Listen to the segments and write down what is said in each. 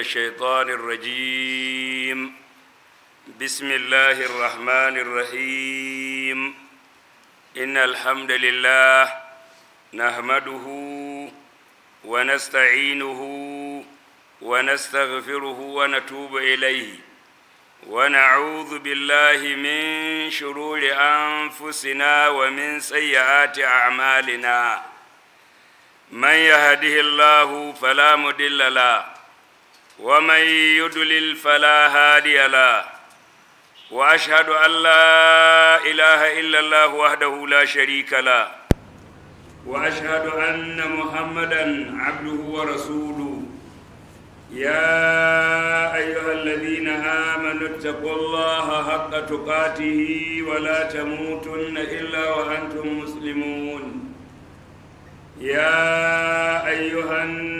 الشيطان الرجيم بسم الله الرحمن الرحيم إن الحمد لله نحمده ونستعينه ونستغفره ونتوب إليه ونعوذ بالله من شرور أنفسنا ومن سيئات أعمالنا من يهده الله فلا مدل له ومن يدلل فلا هادي له واشهد ان لا اله الا الله وحده لا شريك له واشهد ان محمدا عبده ورسوله يا ايها الذين امنوا اتقوا الله حق تقاته ولا تموتن الا وانتم مسلمون يا ايها الناس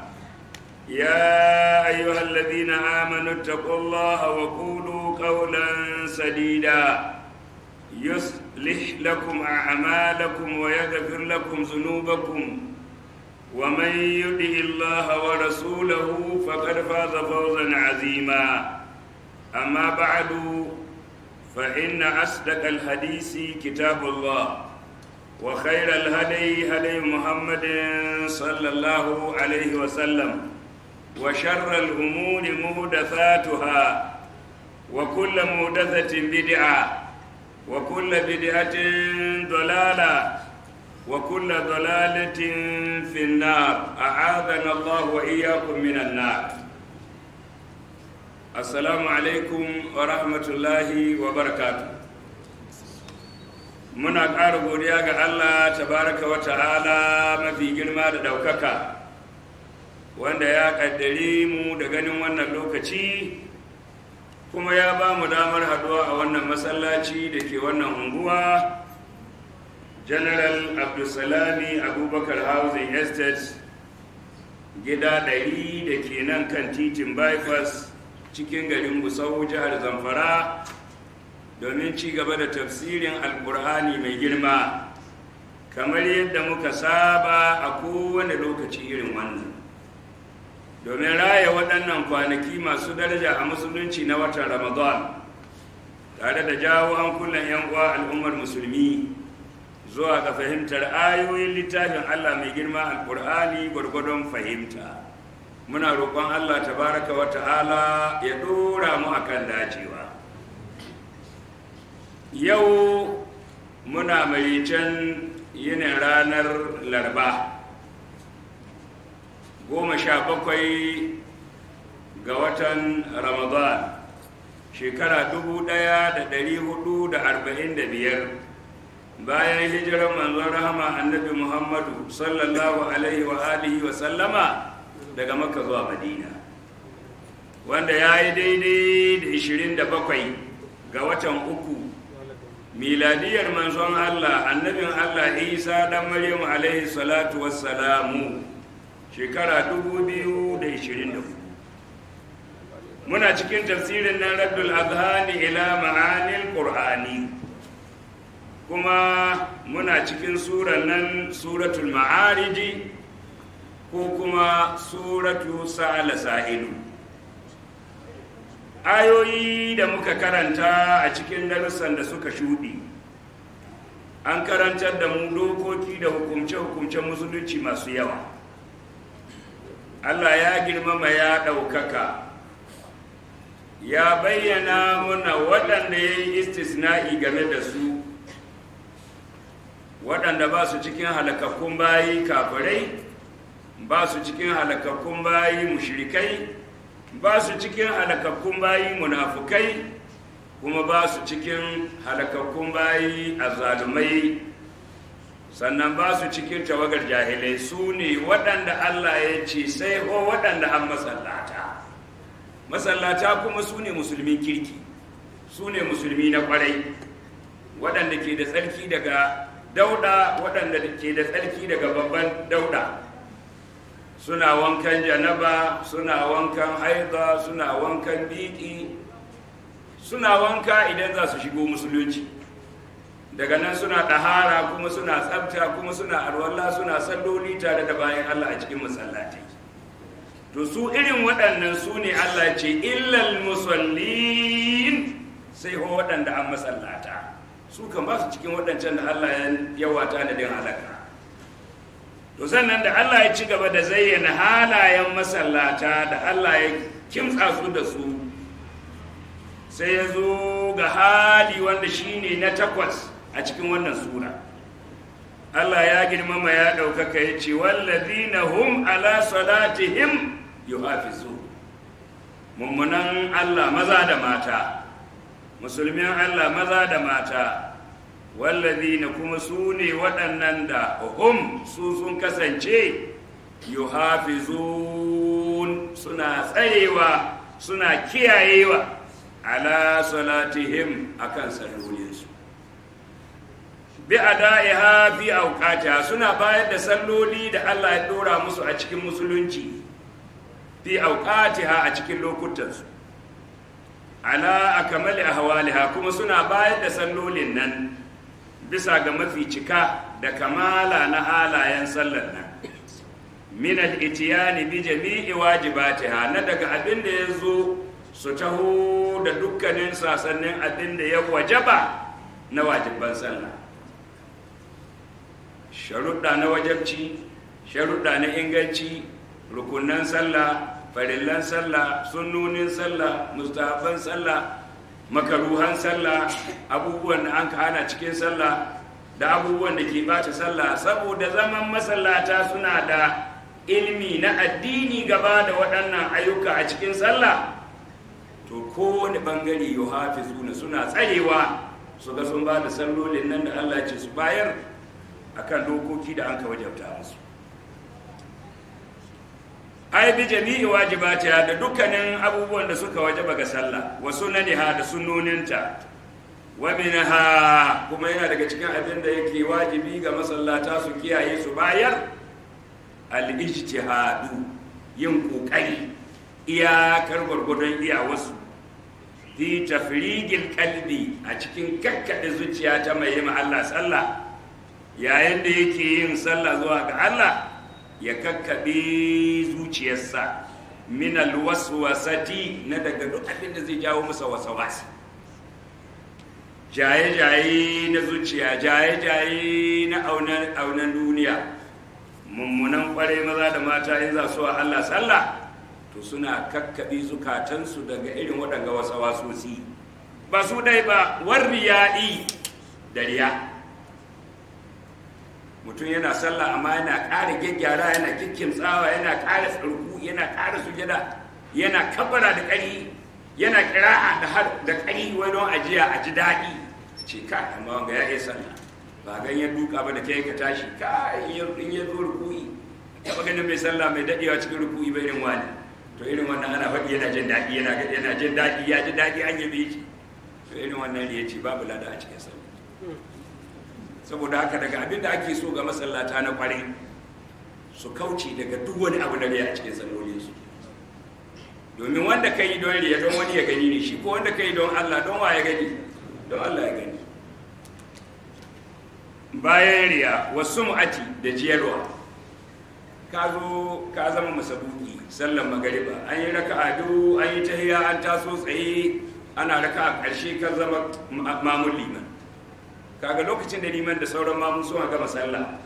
يا أيها الذين آمنوا اتقوا الله وقولوا قولا سديدا يصلح لكم أعمالكم ويغفر لكم ذنوبكم ومن يطع الله ورسوله فقد فاز فوزا عظيما أما بعد فإن أصدق الحديث كتاب الله وخير الهدي هدي محمد صلى الله عليه وسلم وشر الأمور مهدثاتها وكل مهدثة بدعة وكل بدعة ضلالة وكل ضلالة في النار أعاذنا الله وإياكم من النار السلام عليكم ورحمة الله وبركاته muna ƙara godiya ga Allah tabaraka wa ta'ala mafi girma da ɗaukaka wanda ya kaddare mu da ganin wannan lokaci kuma ya ba mu damar haduwa a wannan masallaci da ke wannan unguwa general abdulsalami abubakar housing estate gida ɗari da ke nan kan titin bypass cikin garin gusau jihar zamfara domin ci gaba da tafsirin alkur'ani mai girma kamar yadda muka saba a kowane lokaci irin wannan domin raya waɗannan kwanaki masu daraja a musulunci na watan ramadan tare da jawo hankulan 'yan uwa al'ummar musulmi zuwa ga fahimtar ayoyin littafin allah mai girma alkur'ani gwargwadon fahimta muna roƙon allah tabaraka wa ta'ala ya ɗora mu akan dacewa yau muna mai can yinin ranar larba goma sha bakwai ga watan ramadan shekara dubu ɗaya da ɗari hudu da arba'in da biyar bayan hijiran manzon rahama annabi muhammadu sallallahu alaihi wa alihi wa sallama daga makka zuwa madina wanda ya yi daidai da ishirin da bakwai ga watan uku miladiyar manzon allah annabin allah isa dan maryamu alaihi salatu wassalamu shekara 2024 muna cikin tafsirin nan raddul azhani ila ma'anil qur'ani kuma muna cikin suran nan suratul ma'ariji ko kuma suratu sa'ala sa'ilu ayoyi da muka karanta a cikin darussan da suka shuɗi an karantar da mu dokoki da hukumce hukumce musulunci masu yawa Allah ya girmama ya ɗaukaka ya bayyana muna waɗanda ya yi istisna'i game da su waɗanda ba su cikin halakakkun bayi kafirai ba su cikin halakakkun bayi mushrikai ba su cikin halakakkun bayi munafukai kuma ba su cikin halakakkun bayi zalumai. sannan ba su cikin tawagar jahilai su ne waɗanda Allah ya ce sai ho waɗanda an masallata masallata kuma su ne musulmin kirki su ne musulmi na ƙwarai waɗanda ke da tsarki daga dauɗa waɗanda ke da tsarki daga babban dauɗa suna wankan janaba suna wankan haida suna wankan biki suna wanka idan za su shigo musulunci daga nan suna ɗahara kuma suna tsabta kuma suna arwalla suna salloli tare da bayan Allah a cikin masallatai to su irin waɗannan su ne Allah ce illal musallin sai ho waɗanda an masallata su kan ba su cikin waɗancan da Allah ya yawata da din halaka to sannan da Allah ya ci gaba da zayyana halayen masallata da Allah ya kimtsa su da su sai ya zo ga hali wanda shine na takwas a cikin wannan sura Allah ya girmama ya ɗaukaka ya ce wallazina hum ala salatihim yuhafizu mummunan Allah maza da mata musulmin Allah maza da mata wallazina kuma su ne waɗannan da hum su sun kasance yuhafizun suna tsayewa suna kiyayewa ala salatihim akan sallolinsu bi ada'iha fi awqatiha suna bayar da salloli da Allah ya dora musu a cikin musulunci fi awqatiha a cikin lokutansu ala akmali ahwaliha kuma suna bayar da sallolin nan bisa ga mafi cika da kamala na halayen sallar nan min al-itiyani bi jami'i wajibatiha na daga abin da ya su taho da dukkanin sasannin abin da ya wajaba na wajiban sallah sharuɗa na wajabci sharuɗa na inganci rukunan sallah farillan sallah sunnunin sallah mustafan sallah makaruhan sallah abubuwan da an hana cikin sallah da abubuwan da ke bata sallah saboda zaman masallata suna da ilimi na addini gaba da waɗannan ayyuka a cikin sallah to kowane ɓangare yau suna tsarewa su ga sun ba da sallolin nan da allah ce su bayar akan dokoki da an ka wajabta musu ai bi jami'i ya da dukkanin abubuwan da suka wajaba ga sallah wa ha da sunnoninta wa minha kuma yana daga cikin abin da yake wajibi ga masallata su kiyaye su bayar al-ijtihadu yin kokari iyakar gwargwadon wasu. fi tafrigil kalbi a cikin kakkaɗe zuciya ta mai yi Allah sallah yayin da yake yin sallah zuwa ga Allah ya kakkaɓe zuciyarsa min alwaswasati na daga duk abin da zai jawo masa wasawasi jaye-jaye na zuciya jaye-jaye na aunan duniya mummunan kwarai maza da mata in za su Allah sallah to suna kakkaɓe zukatansu daga irin waɗanga wasa ba su ɗai ba warriya'i da riya mutum yana sallah amma yana ƙara gyaggyara yana tsawa, yana ƙara tsarku yana ƙara sujada yana kabbara da ƙari yana ƙira'a da har da ƙari wai don ajiya a ji daɗi ce ka amma wanga ya iya sallah ba gan ya duka ba da kai ka tashi ka in ya zo ruku'i taɓa ganin mai sallah mai daɗewa cikin ruku'i bai irin wani to irin wannan ana faɗi yana jin daɗi yana yana jin daɗi ya ji daɗi an yi shi to irin wannan ne ya ce babu lada a cikin sallah saboda haka daga abin da ake so ga masallata na kware su kauce daga duk wani abu na ya cikin su domin wanda ka yi don riya don wani ya gani ne shi ko wanda ka yi don allah don wa ya gani don allah ya gani bayan riya wasu mu'ati da jiyarwa ka zo ka zama masabuki sallan magariba an yi raka ado an yi tahiya an taso tsaye ana raka a ƙarshe ka zama mamun liman kaga lokacin da liman da sauran mamun suna gama sallah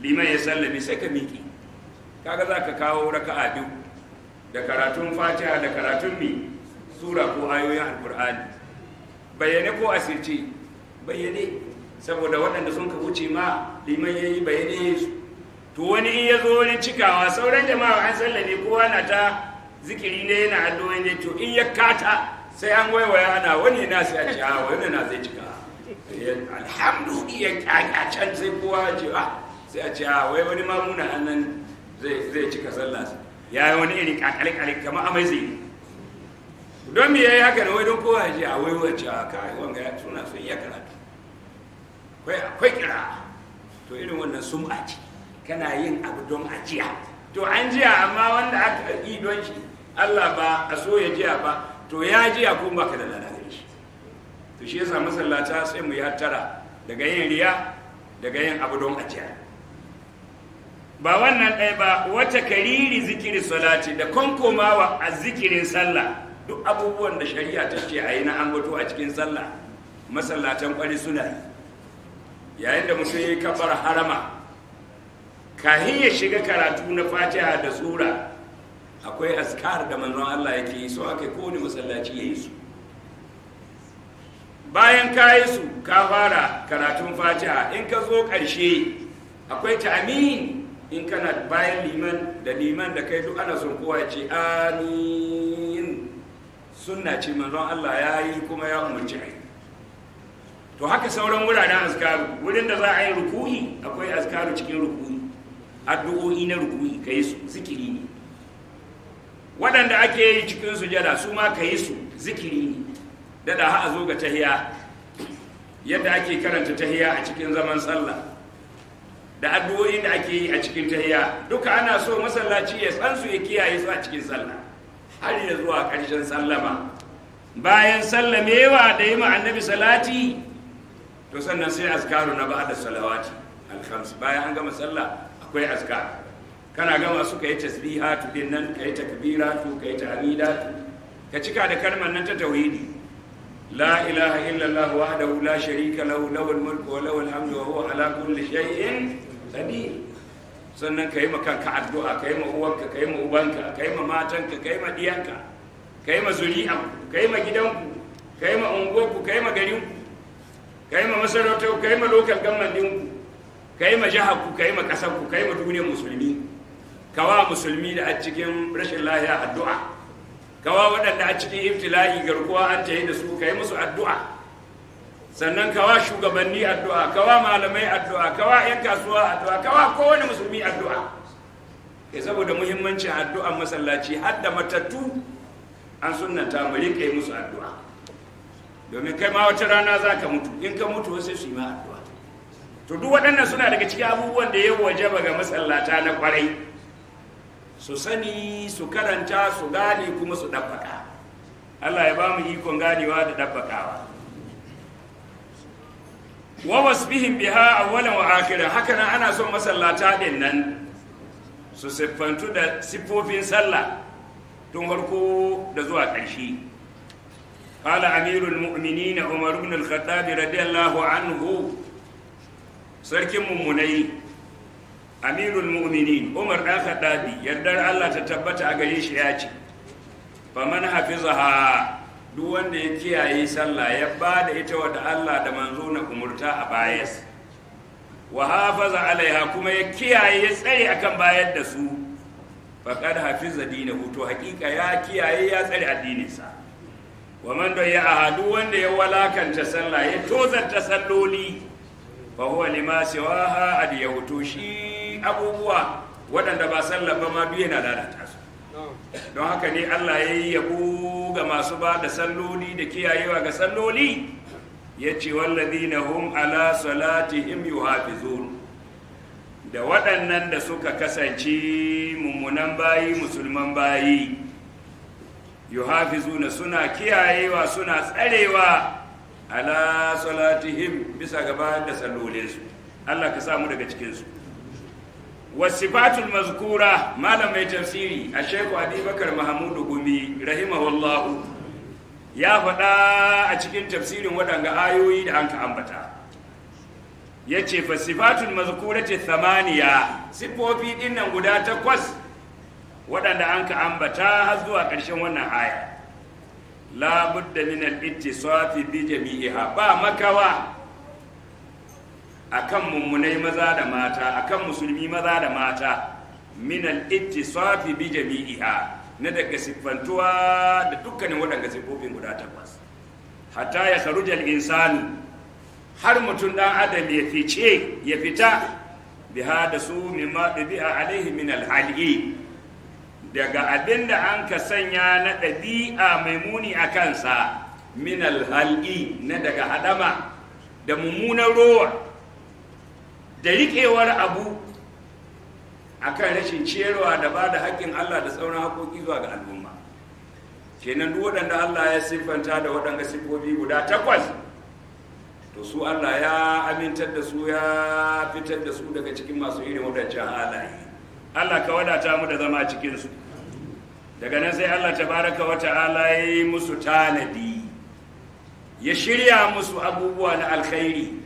liman ya sallame sai ka miƙe kaga za ka kawo raka'a biyu da karatun fatiha da karatun mi sura ko ayoyin alqur'ani bayyane ko asirce bayyane saboda waɗanda sun ka wuce ma liman ya yi bayyane su to wani in ya zo wani cikawa sauran jama'a an sallame kowa na ta zikiri ne yana addu'o'i ne to in ya kata sai an waiwaya ana wani na sai a ciyawa ah, wani na zai cikawa alhamdu ya can sai kowa ya ce ah, sai a ce a ah, wai wani mamuna nan zai cika sallah ya yi wani irin kakalik kamar amai zai yi don me yayi haka na wai don kowa ya ce a ah, wai wacce a kai wanga ya tuna sun iya karatu akwai kira to irin wannan sun ce kana yin abu don ajiya to an jiya amma wanda aka yi don shi Allah ba a so ya jiya ba to ya jiya ko baka da lada to shi yasa masallata sai mu yi hattara daga yin riya daga yin abu don ajiya ba wannan ɗaya ba wata kariri zikirin salati da konkomawa a zikirin sallah duk abubuwan da shari'a ta ce a yi na ambato a cikin sallah masallatan kwari suna yi yayin da musu ya yi kafar harama kahin ya shiga karatu na fatiha da sura akwai askar da manzon Allah yake yi so akai kowane masallaci ya yi su bayan ka yi su ka fara karatun fatiha in ka zo ƙarshe akwai ta'amin in kana bayan liman da liman da kai duk ana sun kowa ce amin sunna ce manzon Allah ya yi kuma ya umarci ai to haka sauran wuraren azkaru wurin da za a yi ruku'i akwai azkaru cikin ruku'i addu'o'i na ruku'i ka yi su zikiri ne waɗanda ake yi cikin sujada su ma ka yi su zikiri ne Dada ha a zo ga tahiya yadda ake karanta tahiya a cikin zaman sallah da addu'o'in da ake yi a cikin tahiya duka ana so masallaci ya san su ya kiyaye su a cikin sallah har ya zuwa ƙarshen sallama bayan sallamewa da yi annabi salati to sannan sai azkaru na ba'da salawati alkhams bayan an gama sallah akwai azkar kana gama su ka yi tasbihatu dinnan kai ka takbiratu ka tahmidatu ka cika da kalmar nan ta tauhidi لا إله إلا الله وحده لا شريك له له الملك وله الحمد وهو على كل شيء قدير sannan ka yi ma kanka addu'a ka yi ma uwanka ka yi ma ubanka ka yi ma matanka ka yi ma diyanka ka yi ma zuri'anku ka yi ma gidanku ka yi ma unguwarku ka yi ma garinku ka yi ma masarautar ka yi ma lokal gamman ɗinku ka yi ma jiharku ka yi ma ƙasarku ka yi ma duniyar musulmi ka wa musulmi da a cikin rashin lahiya addu'a kawa waɗanda a cikin iftila'i garkuwa an ta yi da su ka yi musu addu'a sannan kawa shugabanni addu'a kawa malamai addu'a kawa 'yan kasuwa addu'a kawa kowane musulmi addu'a kai eh, saboda muhimmancin addu'an masallaci har da matattu an sunanta mu ka yi musu addu'a domin kai ma wata rana za ka mutu in ka mutu wasu su yi ma addu'a to duk waɗannan suna daga cikin abubuwan da ya wajaba ga masallata na kwarai su sani su karanta su gane kuma su ɗabbaka allah ya ba mu ikon ganewa da ɗabbakawa wa wasbihim biha awwalan wa akhiran haka nan ana son masallata din nan su siffantu da siffofin sallah tun harko da zuwa ƙarshe Fala amirul mu'minina umar ibn al-khattab radiyallahu anhu sarkin mummunai amirul mu'minin umar ɗan khaɗabi yardar allah ta tabbata a gare shi ya ce Fa man hafizaha duk wanda ya kiyaye sallah ya ba da ita wadda allah da manzo na umurta a bayas wa hafaza alaiha kuma ya kiyaye ya tsare akan bayar da su faqad hafiza dinahu to hakika ya kiyaye ya tsare addininsa wa man da ya ahadu wanda ya walakanta sallah ya ta salloli fa huwa lima siwaha ad yahutu abubuwa waɗanda ba sallah ba ma duk yana lalata su don haka ne Allah ya yi yabo ga masu ba da salloli da kiyayewa ga salloli ya ce na hum ala salatihim yuhafizun da waɗannan da suka kasance mummunan bayi musulman bayi yuhafizuna suna kiyayewa suna tsarewa ala salatihim bisa gaba da sallolinsu Allah ka samu daga cikinsu wasifatul mazkura malam mai tafsiri a sheku abubakar mahamudu gumi rahimahullahu ya faɗa a cikin tafsirin waɗanga ayoyi da an ka ambata ya ce fasifatul mazkurati thamaniya siffofi ɗinnan guda takwas waɗanda an ka ambata har zuwa ƙarshen wannan aya labudda min al-ittisafi bi jami'iha ba makawa akan mummunai maza da mata akan musulmi maza da mata min al-ittisafi bi jami'iha na daga siffantuwa da dukkanin waɗanda siffofin guda takwas hatta ya saruja al har mutum dan adam ya fice ya fita biha da su mimma bi'a alaihi min al-hali daga abinda an ka sanya na ɗabi'a mai muni a kansa min al-hali na daga hadama da mummunan rowa da riƙewar abu kan rashin ciyarwa da ba da haƙƙin Allah da sauran haƙoƙi zuwa ga al'umma kenan duk waɗanda Allah ya siffanta da waɗanda siffofi guda takwas to su Allah ya amintar da su ya fitar da su daga cikin masu irin wadancan halaye Allah ka wadata mu da zama cikinsu daga nan sai Allah ta wa ta'ala halaye musu tanadi ya shirya musu abubuwa na alkhairi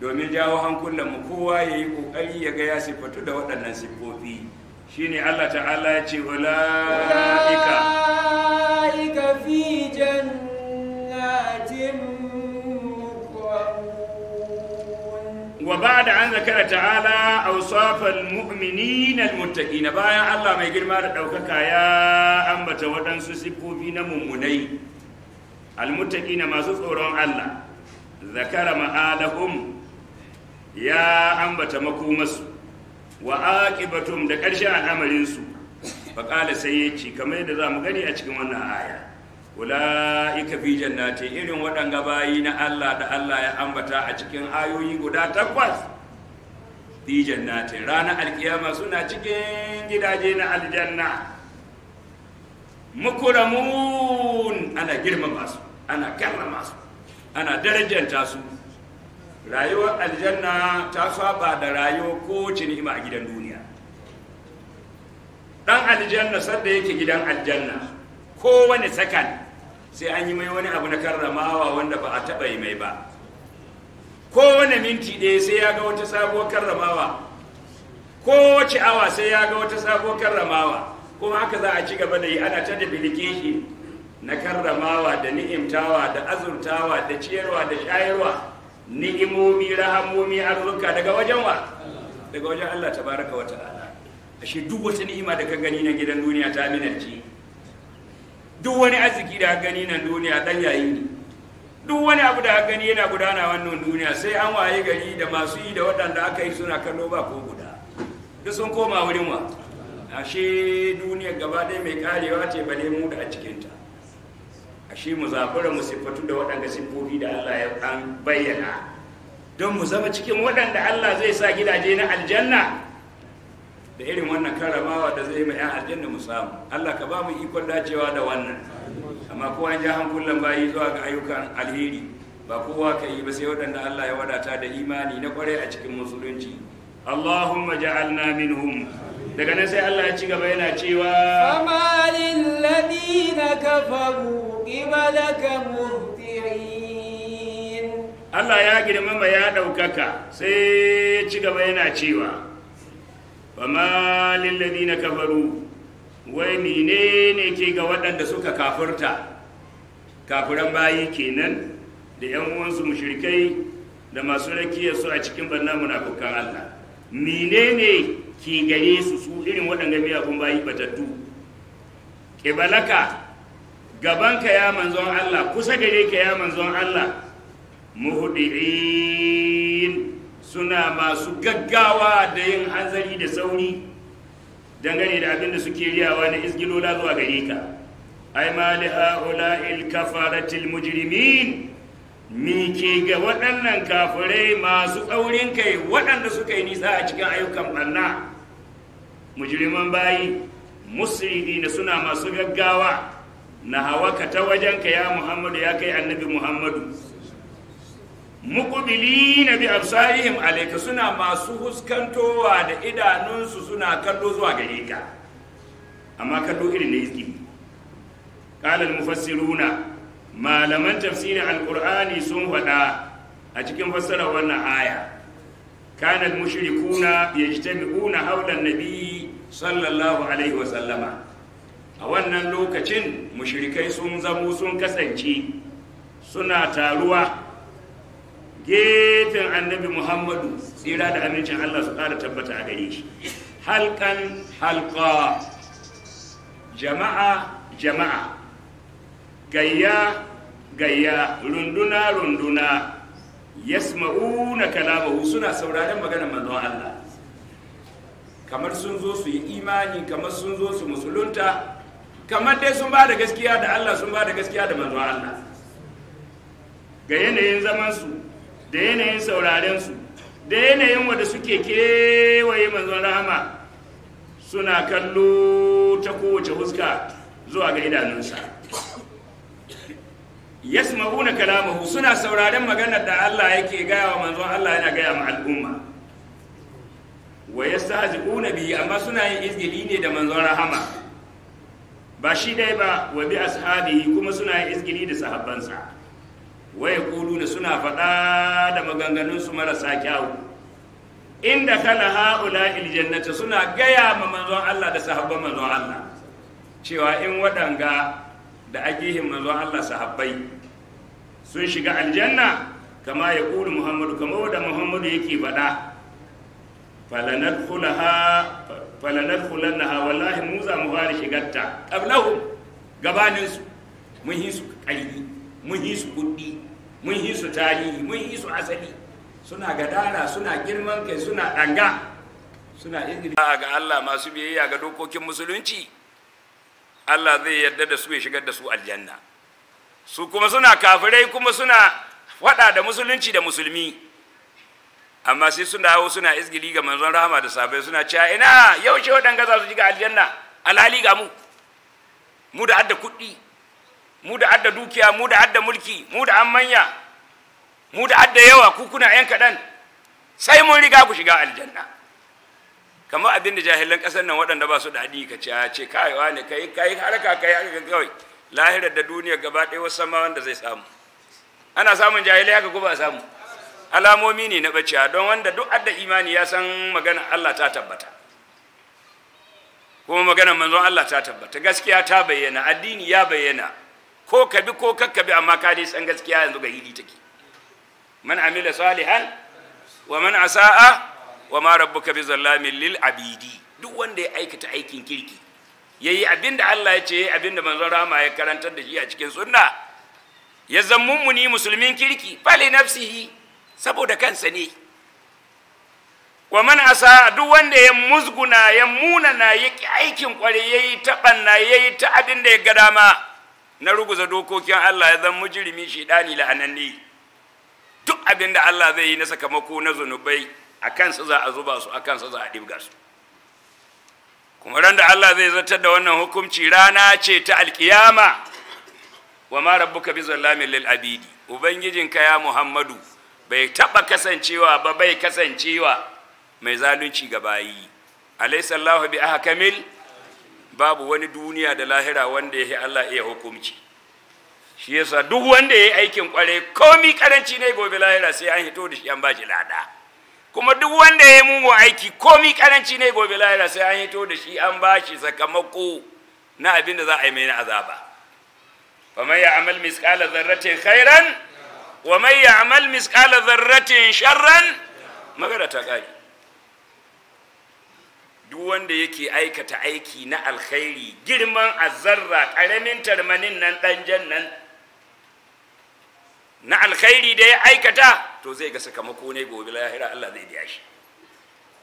domin jawo hankulan mu kowa ya yi ƙoƙari ya ga ya siffatu da waɗannan siffofi shine Allah ta'ala ya ce ula'ika ula'ika fi jannatin wa ba'da an zakara ta'ala awsafal mu'minina na bayan Allah mai girma da ɗaukaka ya ambata waɗansu siffofi na mummunai na masu tsoron Allah zakara ma'alahum ya ambata makomarsu wa aqibatum da ƙarshen al'amarinsu faƙala sai ya ce kamar yadda za mu gani a cikin wannan aya ula'ika fi jannati irin waɗanga bayi na Allah da Allah ya ambata a cikin ayoyi guda takwas fi jannati ranar alkiyama suna cikin gidaje na aljanna mukuramun ana girmama su ana karrama su ana darajanta su rayuwar aljanna ta saba da rayuwar kowace ni'ima a gidan duniya Ɗan aljanna sadda yake gidan aljanna kowane sakan sai an yi mai wani abu na karramawa wanda ba a taɓa yi mai ba kowane minti ɗaya sai ya ga wata sabuwar karramawa kowace awa sai ya ga wata sabuwar karramawa ko haka za a ci gaba da yi ana ta da bilike na karramawa da ni'imtawa da azurtawa da ciyarwa da shayarwa ni'imomi rahamomi arzuka daga wajen wa daga wajen Allah tabaraka wa ta'ala ashe duk wata ni'ima da ka gani na gidan duniya ta ji. duk wani arziki da ka gani nan duniya dan yayi ne duk wani abu da ka gani yana gudana wannan duniya sai an waye gari da masu yi da waɗanda aka yi suna kallo ba ko guda duk sun koma wurin wa ashe duniya gaba ɗaya mai karewa ce bale mu da a cikinta ashe mu zafura mu siffatu da waɗanda siffofi da Allah ya an bayyana don mu zama cikin waɗanda Allah zai sa gidaje na aljanna da irin wannan karamawa da zai mai 'yan aljanna mu samu Allah ka ba mu ikon dacewa da wannan amma kowa ya hankulan bayi zuwa ga ayyukan alheri ba kowa ka yi ba sai waɗanda Allah ya wadata da imani na kwarai a cikin musulunci Allahumma ja'alna minhum daga nan sai Allah ya ci gaba yana cewa fama ladina kafaru ibadaka murti'in Allah ya girma mai ya daukaka sai ci gaba yana cewa fama ladina kafaru wai menene ke ga waɗanda suka kafurta kafuran bayi kenan da yan uwansu mushrikai da masu rakiyar su a cikin banna munafukan Allah menene Ki gani su su irin waɗanda miyagun bayi batattu ƙibalaka gabanka ya manzon Allah kusa gare ka ya manzon Allah muhudi'in suna masu gaggawa da yin hanzari da sauri dangane da abinda da suke riyawa na izgilola zuwa gare ka ai ma li kafaratil mujrimin mike ga waɗannan kafirai masu ɗaurin kai waɗanda suka yi nisa a cikin ayyukan ɓanna Mujiriman bayi musulmi na suna masu gaggawa na hawaka ta wajenka ya muhammadu ya kai annabi muhammadu mukubili na bi absarihim alaika suna masu huskantowa da idanunsu suna kallo zuwa gare ka amma kallo irin na izgi qala mufassiruna malaman tafsirin alkur'ani sun faɗa a cikin fassarar wannan aya kanat mushrikuna yajtami'una hawla an-nabi sallallahu alaihi wa sallama a wannan lokacin mushrikai sun zamo sun kasance suna taruwa gefen annabi muhammadu tsira da amincin allah su ƙara tabbata a gare shi halkan halka jama'a jama'a gayya gayya runduna runduna yasma'una kalamahu suna sauraren maganar manzon Allah kamar sun zo su yi imani kamar sun zo su musulunta kamar dai sun ba da gaskiya da Allah sun ba da gaskiya da manzon Allah ga yanayin zamansu da yanayin sauraren su, da yanayin wanda suke kewaye manzon rahama suna kallo ta kowace huska zuwa ga idanunsa yasma'una kalamahu suna sauraren maganar da Allah yake gaya wa manzon Allah yana gaya ma al'umma wa yastahzi'una bihi amma suna yin izgili ne da manzon rahama ba shi dai ba wa bi ashabihi kuma suna yin izgili da sahabbansa wa yaquluna suna faɗa da maganganun su marasa kyau inda kala haula jannata suna gaya ma manzon Allah da sahabban manzon Allah cewa in waɗanga da yi manzo Allah sahabbai sun shiga aljanna kama ya ƙuri muhammadu kama wadda muhammadu yake faɗa falanar kulannaha wallahi mu za mu fara shigarta ƙablahu gabaninsu mun yi su ƙarfi mun yi su kuɗi mun yi su tarihi mun yi su asali suna gadara suna girman kai suna ɗanga suna izini ga Allah masu biyayya ga dokokin musulunci Allah zai yarda da su ya shigar da su aljanna su kuma suna kafirai kuma suna faɗa da musulunci da musulmi amma sai suna hawo suna izgili ga manzon rahama da sabai suna cewa ina yaushe waɗanda za su shiga aljanna alhali ga mu mu da adda kuɗi mu da adda dukiya mu da adda mulki mu da an manya mu da adda yawa ku kuna yan kaɗan sai mun riga ku shiga aljanna kamar abin da jahilan ƙasar nan waɗanda ba su da haɗi ka ce a ce kayawa ne kai kai haraka kai haraka kawai lahirar da duniya gaba ɗaya wasu sama wanda zai samu ana samun jahilai haka ko ba samu alamomi ne na bacciya don wanda duk adda imani ya san magana Allah ta tabbata kuma magana manzon Allah ta tabbata gaskiya ta bayyana addini ya bayyana ko ka bi ko kakka bi amma ka dai san gaskiya yanzu ga hili take man amila salihan wa man asaa wa ma rabbuka bi zallamin lil abidi duk wanda ya aikata aikin kirki yayi abinda Allah ya ce abinda manzon rama ya karantar da shi a cikin sunna ya mu ni musulmin kirki fali nafsihi saboda kansa ne wa man asa duk wanda ya musguna ya muna na ya aikin kware yayi ta banna yayi ta abinda ya ga dama na ruguza dokokin Allah ya zammu jirimi shi dani la'ananni duk abinda Allah zai yi na sakamako na zunubai a kansa za a zuba su a kansa za a ɗibga su kuma ran da Allah zai zartar da wannan hukumci rana ce ta alkiyama wa ma rabbuka bi zallamin lil abidi ubangijinka ya muhammadu bai taba kasancewa ba bai kasancewa mai zalunci ga bayi allah bi ahkamil babu wani duniya da lahira wanda yake Allah iya hukumci. shi yasa duk wanda yayi aikin kware komi karanci ne gobe lahira sai an hito da shi an shi lada kuma duk wanda ya yi mugun aiki komi karanci ne gobe lahira sai an hito da shi an ba shi sakamako na abin da za a yi mai na azaba mai ya amal miskala zarratin khairan wa mai ya amal miskala zarratin sharran magana ta ƙari duk wanda yake aikata aiki na alkhairi girman azzarra ƙaramin tarmanin nan ɗan nan na alkhairi da ya aikata to zai ga sakamako ne gobe lahira Allah zai biya shi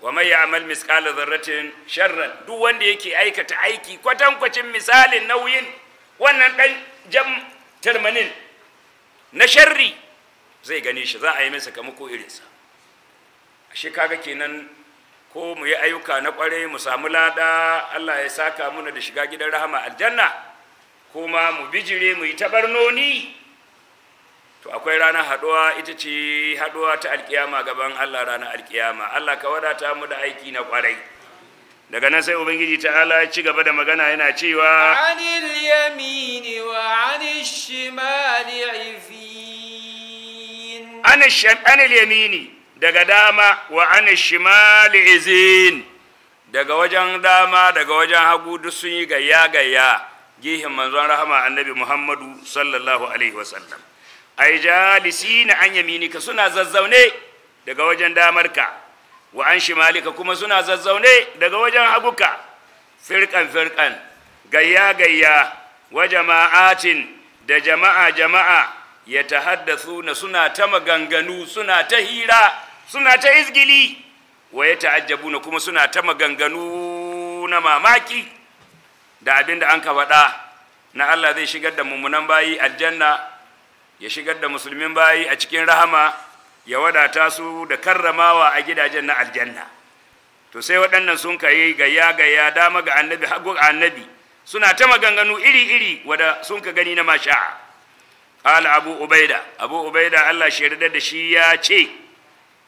wa mai ya'mal misqala dharratin sharran duk wanda yake aikata aiki kwatankwacin misalin nauyin wannan dan jam termanin na sharri zai gane shi za a yi masa sakamako irinsa ashe kaga kenan ko mu yi ayyuka na kwarai mu samu lada Allah ya saka muna da shiga gidan rahama aljanna kuma mu bijire mu yi tabarnoni to akwai ranar haɗuwa ita ce haɗuwa ta alkiyama gaban Allah ranar alkiyama Allah ka wadata mu da aiki na kwarai daga nan sai ubangiji ta Ala ci gaba da magana yana cewa anil yamini wa anil shimali izin anil yamini daga dama wa anil shimali izin daga wajen dama daga wajen hagu duk sun yi gayya gayya gihin manzon rahama annabi muhammadu sallallahu alaihi wasallam jalisi na an yaminika suna zazzaune daga wajen damarka wa an shimalika kuma suna zazzaune daga wajen haguka firkan firkan gayya gayya wa jama'atin da jama'a jama'a ya na suna ta maganganu suna ta hira suna ta izgili wa ya ta'ajjabuna kuma suna ta maganganu na mamaki da abin da an ka faɗa na Allah zai shigar da mummunan bayi aljanna ya shigar da musulmin bayi a cikin rahama ya wadata su da karramawa a gidajen na aljanna to sai waɗannan sun kai gayya gayya dama ga annabi hagu annabi suna ta maganganu iri-iri wada sun ka gani na masha'a qala abu ubaida abu ubaida allah shi yarda da shi ya ce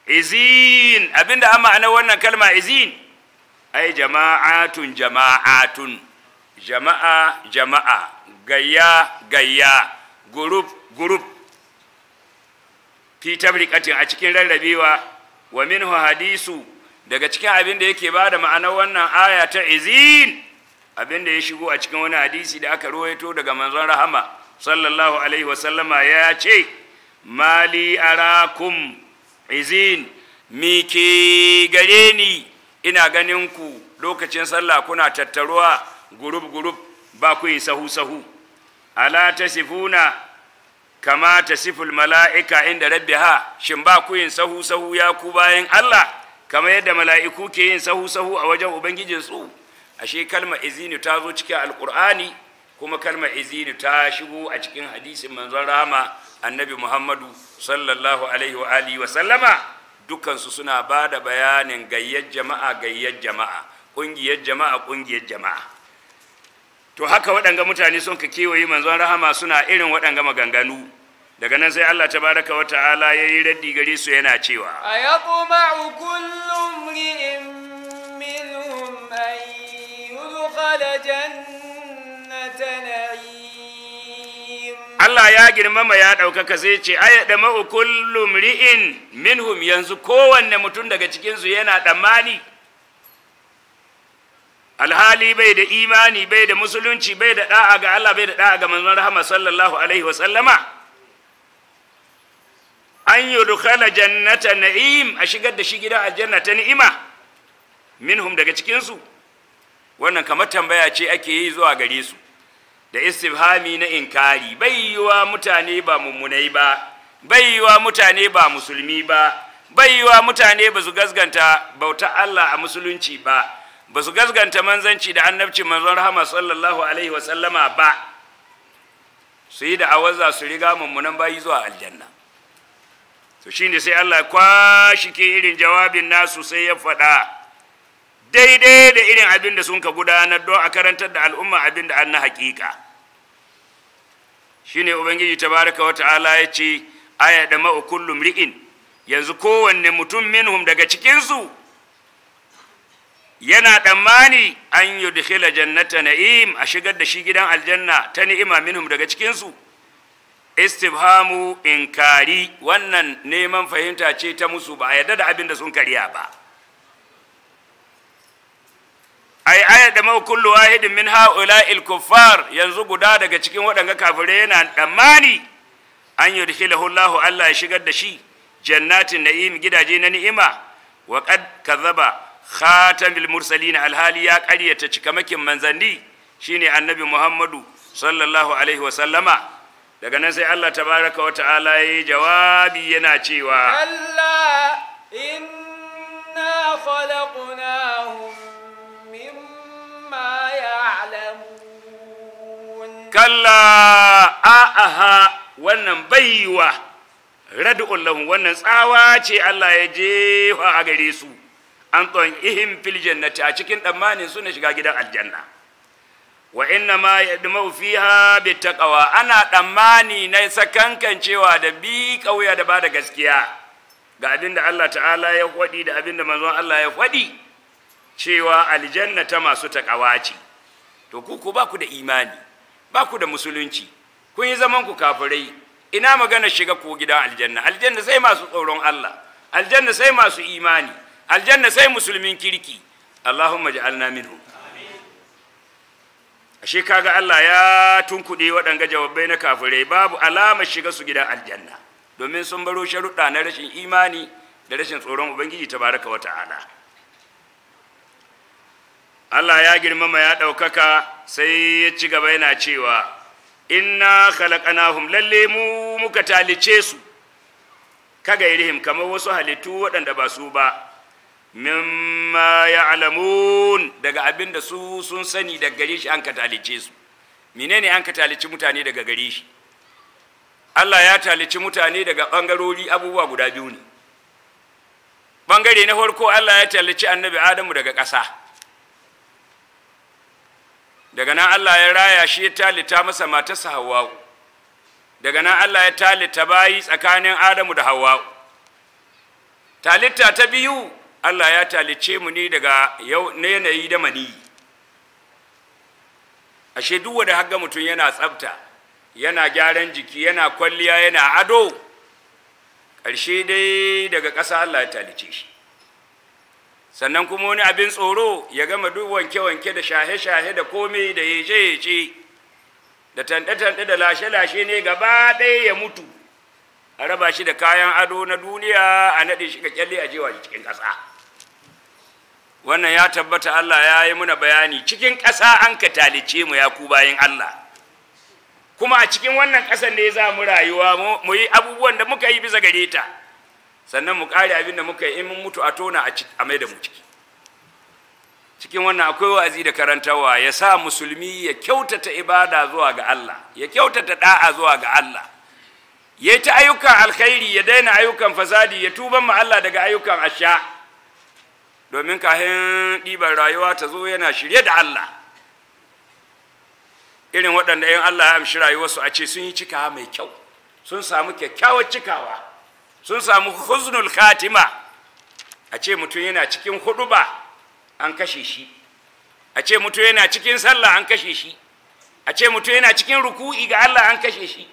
izin abinda an ma'anar wannan kalma izin ai jama'atun jama'atun jama'a jama'a gayya gayya group group fi tabriqatin a cikin rarrabewa wa minhu hadisu daga cikin abin da yake bada ma'anar wannan aya ta izin abin da ya shigo a cikin wani hadisi da aka rawaito daga manzon rahama sallallahu alaihi wasallama ya ce mali arakum izin mi gare ni ina ganin ku lokacin sallah kuna tattaruwa gurub gurub ba ku yi sahu sahu ala tasifuna kama tasiful mala'ika inda rabbiha shin ba ku yin sahu sahu ya ku bayan Allah kama yadda mala'iku ke yin sahu sahu a wajen ubangijin su ashe kalmar izini ta zo cikin alqur'ani kuma kalma izini ta shigo a cikin hadisin manzon rama annabi Muhammadu sallallahu alaihi wa alihi wa sallama dukkan su suna bada bayanin gayyar jama'a gayyar jama'a ƙungiyar jama'a ƙungiyar jama'a to haka waɗanga mutane sun ka kewaye manzon rahama suna irin waɗanga maganganu daga nan sai Allah Ta baraka wa ta'ala ya yi raddi gare su yana cewa a ya kuma kullum ri'in minhum Allah ya girmama ya ɗaukaka sai ce aya da ma'u kullum ri'in minhum yanzu kowanne mutum daga cikinsu yana tsammani alhali bai da imani bai da musulunci bai da da'a ga Allah bai da da'a ga manzon rahama sallallahu alaihi wa sallama an yudkhala jannata na'im a shigar da shi gida aljanna ta ni'ima minhum daga cikin su wannan kamar tambaya ce ake yi zuwa gare su da istifhami na inkari bai yi wa mutane ba mummunai ba bai yi wa mutane ba musulmi ba bai yi wa mutane ba su gasganta bauta Allah a musulunci ba ba su gasganta manzanci da annabci manzon rahama sallallahu alaihi wa sallama ba su yi da awaza su riga mummunan bayi zuwa aljanna to shine sai Allah kwashi ke irin jawabin nasu sai ya faɗa daidai da irin abin da sun ka gudanar don a karantar da al'umma abin da an na hakika shine ubangiji tabaraka wa ta'ala ya ce aya da ma'u kullum ri'in yanzu kowanne mutum minhum daga cikinsu yana tsammani an yi dukila jannata na'im a shigar da shi gidan aljanna ta ni'ima minhum daga cikinsu istifhamu inkari wannan neman fahimta ce ta musu ba a yarda da abin da sun karya ba ai ayat da kullu wahidin min ha'ula'il kuffar yanzu guda daga cikin waɗanga kafirai yana tsammani an yi dukilahu Allah Allah ya shigar da shi jannatin na'im gidaje na ni'ima wa kad kazaba khatamil mursalina alhali ya karyata cikamakin manzanni shine annabi muhammadu sallallahu alaihi daga nan sai allah tabaraka wa ta'ala ya yi jawabi yana cewa allah inna khalaqnahum mimma ya'lamun kalla a'aha wannan baiwa rad'un lahum wannan tsawa ce allah ya jefa a gare su an tsohon ihim fil jannati a cikin tsammanin suna shiga gidan aljanna wa inna ma yadmau fiha bi taqwa ana tsammani na sakankan cewa da bi kauya da bada gaskiya ga abinda Allah ta'ala ya faɗi da abinda manzon Allah ya fadi cewa aljanna ta masu taqwa ce to ku ku ba ku da imani ba ku da musulunci kun yi zaman ku kafirai ina magana shiga ko gidan aljanna aljanna sai masu tsoron Allah aljanna sai masu imani aljanna sai musulmin kirki allahumma ja'alna minhu ashe kaga Allah ya tunkuɗe waɗanga jawabai na kafirai babu alama shiga su gidan aljanna domin sun baro sharuɗa na rashin imani da rashin tsoron ubangiji tabaraka wa ta'ala Allah ya girmama ya ɗaukaka sai ya ci gaba yana cewa inna khalaqnahum lalle mu muka talice su kaga irihim kamar wasu halittu waɗanda ba su ba mimma ya'lamun daga abin da su sun sani daga gare shi an ka talice su menene an ka talici mutane daga gare shi Allah ya talici mutane daga bangarori abubuwa guda biyu ne bangare na farko Allah ya talici annabi Adamu daga ƙasa daga nan Allah ya raya shi ya talita masa matarsa Hawwa'u daga nan Allah ya talita bayi tsakanin Adamu da Hawwa'u talitta ta biyu Allah ya talice mu ne daga yanayi da mani ashe duk wanda harga mutum yana tsafta yana gyaran jiki yana kwalliya yana ado ƙarshe dai daga ƙasa Allah ya talice shi sannan kuma wani abin tsoro ya gama duk wanke-wanke da shahe-shahe da komai da yece-yece da tanɗe-tanɗe da lashe-lashe ne gaba ɗaya ya mutu a raba shi da kayan ado na duniya a naɗe shi ga kyalle a jewa cikin ƙasa wannan ya tabbata Allah ya yi muna bayani cikin ƙasa an ka talice mu ya ku bayan Allah kuma a cikin wannan ƙasar ne za mu rayuwa mu yi abubuwan da muka yi bisa gare ta sannan mu ƙare abin da muka yi in mun mutu a tona a mai da mu ciki cikin wannan akwai wa'azi da karantarwa ya sa musulmi ya kyautata ibada zuwa ga Allah ya kyautata da'a zuwa ga Allah ya ta ayyukan alkhairi ya daina ayyukan fasadi ya tuba mu Allah daga ayyukan asha' domin kahin ɗiban rayuwa ta zo yana shirye da Allah irin waɗanda yin Allah ya amshi rayuwarsu a ce sun yi cikawa mai kyau sun samu kyakkyawar cikawa sun samu huznul khatima a ce mutum yana cikin ba an kashe shi a ce mutum yana cikin sallah an kashe shi a ce mutum yana cikin ruku'i ga Allah an kashe shi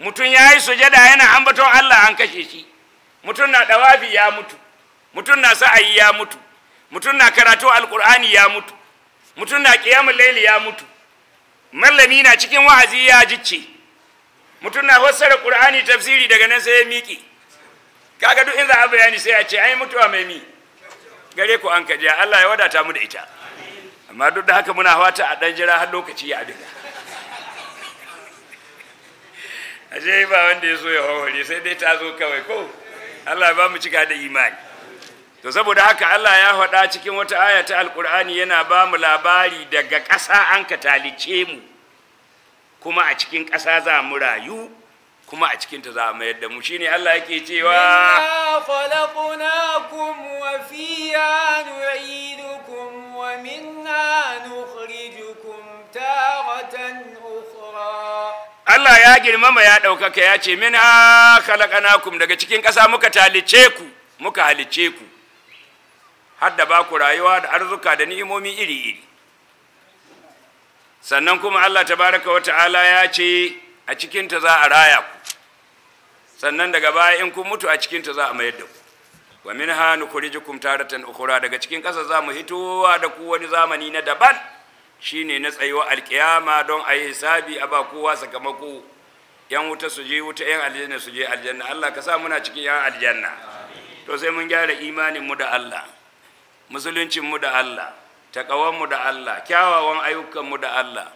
mutum ya yi sujada yana ambaton Allah an kashe shi mutum na dawafi ya mutu mutum na sa'ayi ya mutu mutum na karatu alkur'ani ya mutu mutum na ƙiyamun laili ya mutu mallami na cikin wa'azi ya jicce mutum na fassara qur'ani tafsiri daga nan sai ya miƙe kaga duk in za a bayani sai a ce ai mutuwa mai mi gare ku an kaje Allah ya wadata mu da ita amma duk da haka muna hawata a dan jira har lokaci ya dinga aje ba wanda ya so ya haware sai dai ta zo kawai ko Allah ya ba mu cika da imani to saboda haka Allah ya faɗa cikin wata aya ta alkur'ani yana ba mu labari daga ƙasa an ka talice mu kuma a cikin ƙasa za mu rayu kuma a cikinta za mu yadda mu shine Allah yake cewa Allah ya girmama ya ɗaukaka ya ce min ha khalaqnakum daga cikin ƙasa muka talice ku muka halice ku har da ba ku rayuwa da arzuka da ni'imomi iri-iri sannan kuma Allah tabaraka wa ta'ala ya ce a cikinta za a raya ku sannan daga baya in kun mutu a cikinta za a mayar da ku wa min ha nukhrijukum taratan ukhra daga cikin ƙasa za mu hitowa da ku wani zamani na daban shine na tsayuwa alkiyama don a yi hisabi a ba kowa sakamako yan wuta su je wuta yan aljanna su je aljanna Allah ka sa muna cikin yan aljanna to sai mun gyara imanin mu da Allah musuluncinmu da Allah taƙawanmu da Allah kyawawan ayyukanmu da Allah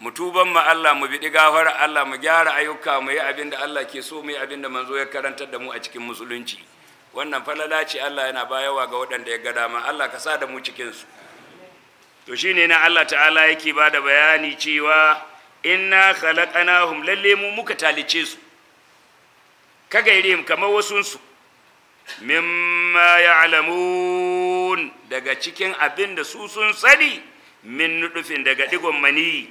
mu Allah mu biɗi gafara Allah mu gyara ayyuka mu yi abin da Allah ke so mu yi abin da manzo ya karantar da mu a cikin musulunci wannan falala ce Allah yana bayawa ga waɗanda ya gada ma Allah ka sa da mu cikinsu. su to shine na Allah ta'ala yake ba da bayani cewa inna khalaqnahum lalle mu muka talice su kaga irim kamar wasunsu mimma ya'lamun daga cikin abin da su sun sani min nudufin daga digon mani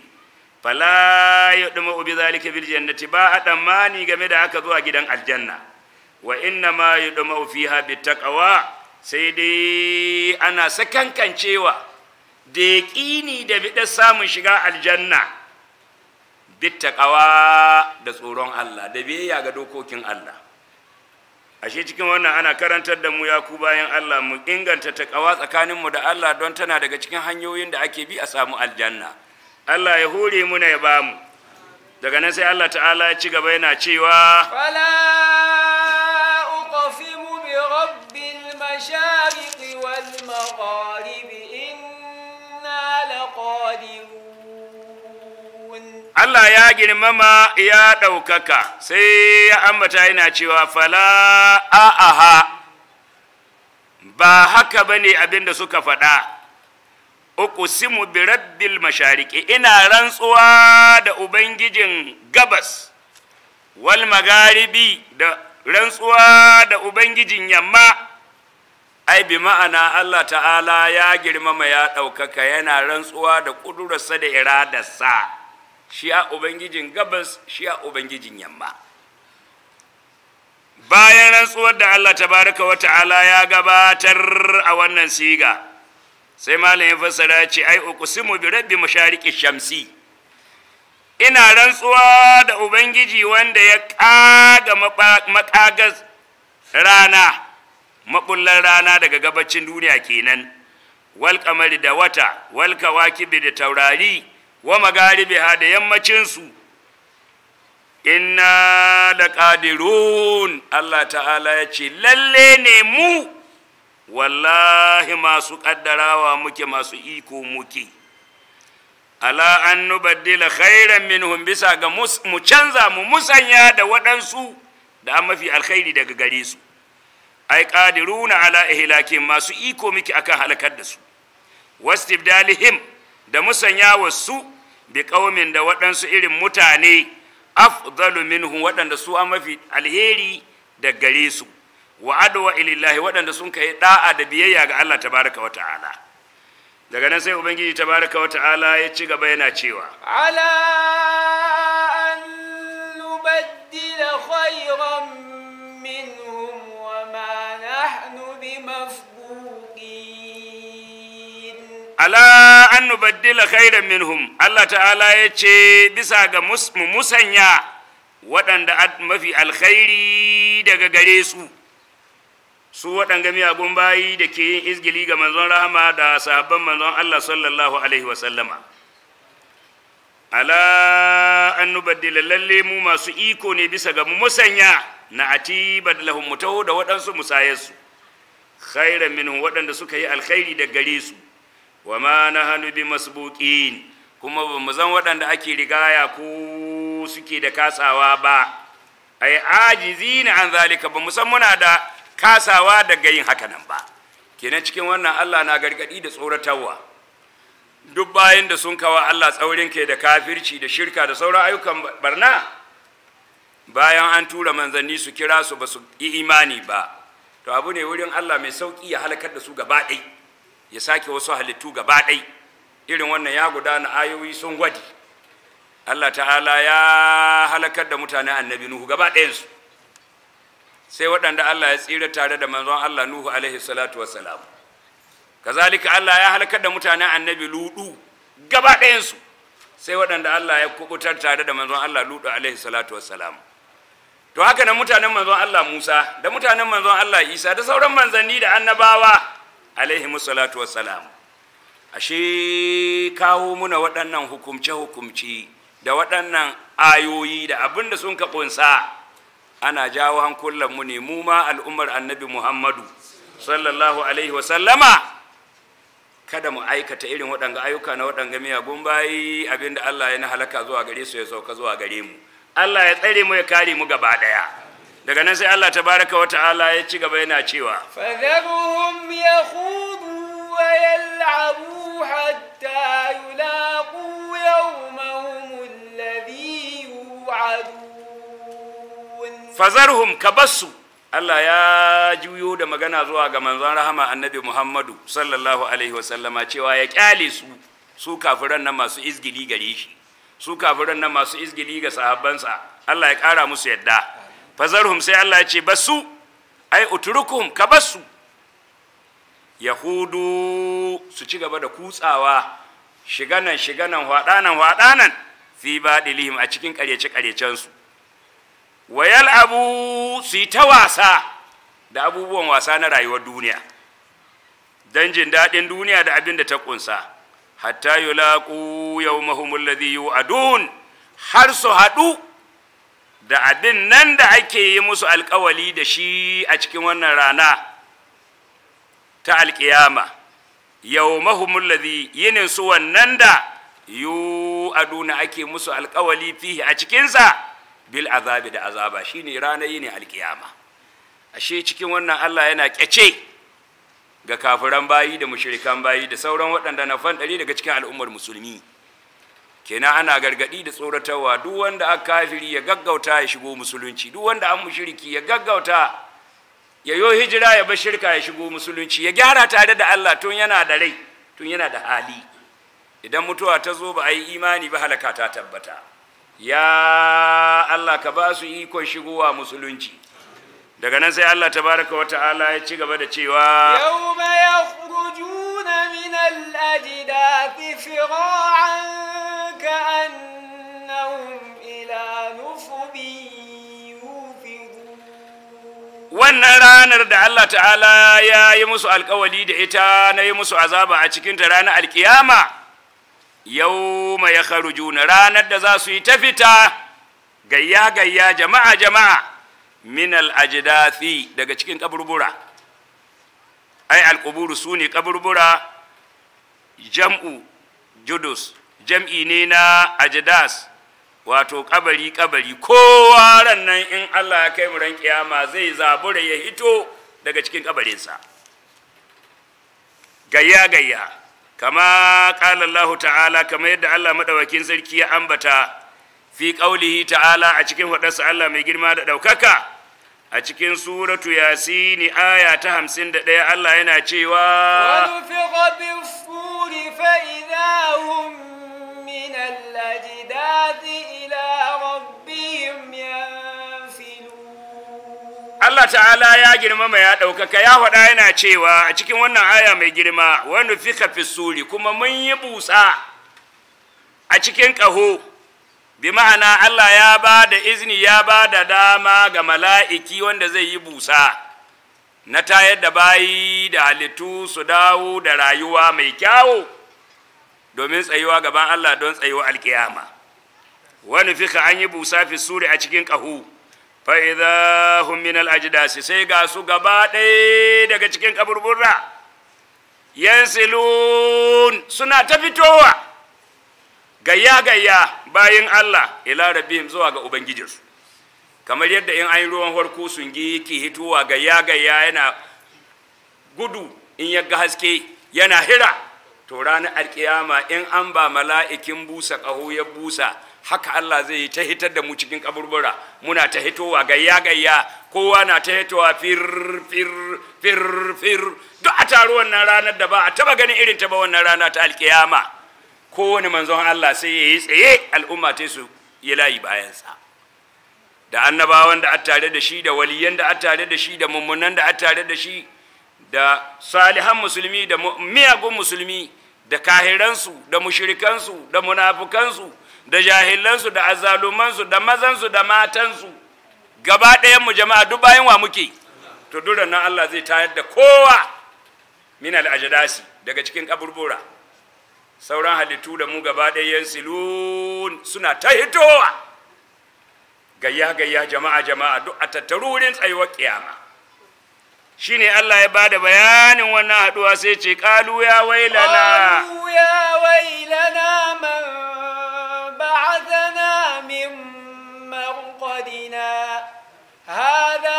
fala yadma ubi zalika bil jannati ba hadan mani game da haka zuwa gidan aljanna wa inna ma yadma fiha bit taqwa sai dai ana sakankancewa da yaqini da da samun shiga aljanna bit taqwa da tsoron Allah da biyayya ga dokokin Allah ashe cikin wannan ana karantar da mu ya ku bayan Allah mu inganta takawa tsakaninmu da Allah don tana daga cikin hanyoyin da ake bi a samu aljanna Allah ya hore mu ya bamu daga nan sai Allah ta'ala ya ci gaba yana cewa fala uqsimu bi rabbil mashariqi wal maghribi inna laqadirun Allah ya girmama ya ɗaukaka sai ya ambata yana cewa fala a'aha ba haka ba ne abinda suka faɗa uku bi rabbil mashariki ina rantsuwa da ubangijin gabas wal magaribi da rantsuwa da ubangijin yamma ai bi ma'ana Allah ta'ala ya girmama ya ɗaukaka yana rantsuwa da ƙudurarsa da iradarsa a ubangijin gabas a ubangijin yamma bayan rantsuwar da Allah tabaraka wa ta'ala ya gabatar a wannan siga sai malam ya fassara ce ai uqsimu bi rabbi mashariqi shamsi ina rantsuwa da ubangiji wanda ya kaga makagas rana mabullar rana daga gabacin duniya kenan wal kamari da wata wal kawakibi da taurari wa magaribiha da yammacinsu inna da ƙadirun Allah ta'ala ya ce lalle ne mu wallahi masu ƙaddarawa muke masu iko muke ala an nubaddila khairan minhum bisa ga mu canza mu musanya da waɗansu da mafi alkhairi daga gare su ai qadiruna ala ihlakin masu iko muke akan halakar da su wastibdalihim da musanya su bi kaumin da waɗansu irin mutane afdalu minhum waɗanda su an mafi alheri da gare su wa adwa ilillahi waɗanda sun kai da'a da biyayya ga Allah tabaraka wa ta'ala daga nan sai ubangiji tabaraka wa ta'ala ya ci gaba yana cewa ala an nubaddila khayran minhum wa ma nahnu bimafd ala an nubaddila khairan minhum Allah ta'ala ya ce bisa ga mu musanya waɗanda mafi alkhairi daga gare su su waɗanga miyagun bayi da ke yin izgili ga manzon rahama da sahabban manzon Allah sallallahu alaihi wasallama ala an nubaddila lalle mu masu iko ne bisa ga musanya na ati badalahum mutahu da waɗansu musayarsu khairan minhum waɗanda suka yi alkhairi da gare su wa ma nahnu bimasbuqin kuma bamu mu zan waɗanda ake rigaya ko suke da kasawa ba ai ajizina an zalika ba mu san muna da kasawa daga yin haka nan ba kenan cikin wannan Allah na gargadi da tsoratarwa duk bayan da sun kawa Allah tsaurin kai da kafirci da shirka da sauran ayyukan barna bayan an tura manzanni su kira su ba su yi imani ba to abu ne wurin Allah mai sauki ya halakar da su gaba ɗaya ya sake wasu halittu gaba ɗai irin wannan ya gudana ayoyi sun gwadi Allah ta'ala ya halakar da mutanen annabi Nuhu gaba ɗayansu sai waɗanda Allah ya tsira tare da manzon Allah Nuhu alaihi salatu wassalam kazalika Allah ya halakar da mutanen annabi Ludu gaba ɗayansu sai waɗanda Allah ya kubutar tare da manzon Allah Ludu alaihi salatu wassalam to haka nan mutanen manzon Allah Musa da mutanen manzon Allah Isa da sauran manzanni da annabawa alaihi salatu wassalam ashe kawo muna waɗannan hukumce-hukumce da waɗannan ayoyi da abinda da sun kaɓunsa ana jawo mu ne mu ma al'ummar annabi muhammadu sallallahu alaihi wasallama kada mu aikata irin waɗanga ayyuka na waɗanga miyagun bayi abinda allah ya na halaka zuwa gare su ya sauka zuwa gare mu allah ya tsare mu ya kare mu gaba ɗaya daga nan sai Allah tabaraka wa ta'ala ya ci gaba yana cewa fadharuhum yakhudu wa yal'abu hatta yulaqu yawmahum alladhi yu'adun fazarhum kabassu Allah ya juyo da magana zuwa ga manzon rahama annabi Muhammadu sallallahu alaihi wa sallama cewa ya kyale su su kafiran nan masu izgili gare shi su kafiran nan masu izgili ga sahabbansa Allah ya kara musu yadda fazarhum sai Allah ya ce basu ai utrukum ka basu yahudu su ci gaba da kutsawa shiganan shiganan hwadanan hwadanan fi badilihim a cikin ƙaryace karyacen su wayal abu su yi ta wasa da abubuwan wasa na rayuwar duniya don jin daɗin duniya da abin da ta ƙunsa hatta yulaqu yawmahum alladhi yu'adun har su haɗu da abin nan da ake yi musu alkawali da shi a cikin wannan rana ta alkiyama yau mahumullazi yinin su wannan da yu aduna ake musu alkawali fihi a cikinsa bil azabi da azaba Shi ne ranar ne alkiyama ashe cikin wannan Allah yana kyace ga kafiran bayi da mushirikan bayi da sauran waɗanda na fan ɗari daga cikin al'ummar musulmi kenan ana gargadi da tsoratarwa duk wanda aka kafiri ya gaggauta ya shigo musulunci duk wanda an mushriki ya gaggauta ya yo hijira ya bar shirka ya shigo musulunci ya gyara tare da Allah tun yana da rai tun yana da hali idan mutuwa ta zo ba a yi imani ba halaka ta tabbata ya Allah ka ba su ikon shigowa musulunci daga nan sai Allah tabaraka wata'ala ya ci gaba da cewa yawma yakhrujun يخرجون من الأجداث فراعا كأنهم إلى نصب wannan ranar da Allah ta'ala ya yi musu alkawali da ita na yi musu azaba a cikin ta ranar alkiyama yawma mai ya juna ranar da za su yi ta fita gayya gayya jama'a jama'a min al ajdathi daga cikin kaburbura ai alƙuburu su ne ƙaburbura jam'u judus jam'i ne na ajadas wato ƙabari ƙabari kowa ran nan in allah ya kai muran ƙiyama kiyama zai zabura ya hito daga cikin ƙabarinsa gayya gayya kama ƙala Allah ta'ala kama yadda allah maɗaukakin sarki ya ambata fi ƙaulihi ta'ala a cikin faɗarsa allah mai girma da ɗaukaka a cikin suratu yasini aya ta hamsin da ɗaya Allah yana cewa Allah ta'ala ya girmama ya ɗaukaka ya faɗa yana cewa a cikin wannan aya mai girma wani fi suri kuma mun yi busa a cikin ƙaho bi ma'ana Allah ya ba da izini ya ba da dama ga mala'iki wanda zai yi busa na tayar da bayi da halittu su dawo da rayuwa mai kyawo domin tsayuwa gaban Allah don tsayuwa alkiyama wani fika an yi busa fi suri a cikin ƙahu fa'iza hun min al'ajidasi sai ga su gaba ɗaya daga cikin kaburburra yan silun suna ta fitowa gayya-gayya bayin Allah ila rabbihim zuwa ga ubangijinsu kamar yadda in an yi ruwan farko sun gi yake hitowa ga ya yana gudu in ya ga haske yana hira to ranar alkiyama in an ba mala'ikin busa ƙaho ya busa haka Allah zai yi ta hitar da mu cikin kaburbura muna ta hitowa ga ya kowa na ta hitowa fir fir fir fir duk a taruwan nan ranar da ba a taba ganin irin ta ba wannan rana ta alkiyama kowane manzon Allah sai ya yi tsaye al'umma ta su ya layi bayansa da annabawan da a tare da shi da waliyan da a tare da shi da mummunan da a tare da shi da salihan musulmi da miyagun musulmi da kahiransu da mushirikansu da munafukansu da jahilansu da azalumansu da mazansu da matansu gaba ɗayanmu jama'a duk bayan wa muke to duran nan Allah zai tayar da kowa min al daga cikin kaburbura sauran halittu da mu gaba ɗayan silun suna ta hitowa gayya gayya jama'a jama'a duk a tattaru wurin tsayuwar shi shine Allah ya ba da bayanin wannan haɗuwa sai ce ƙalu ya wailana min hada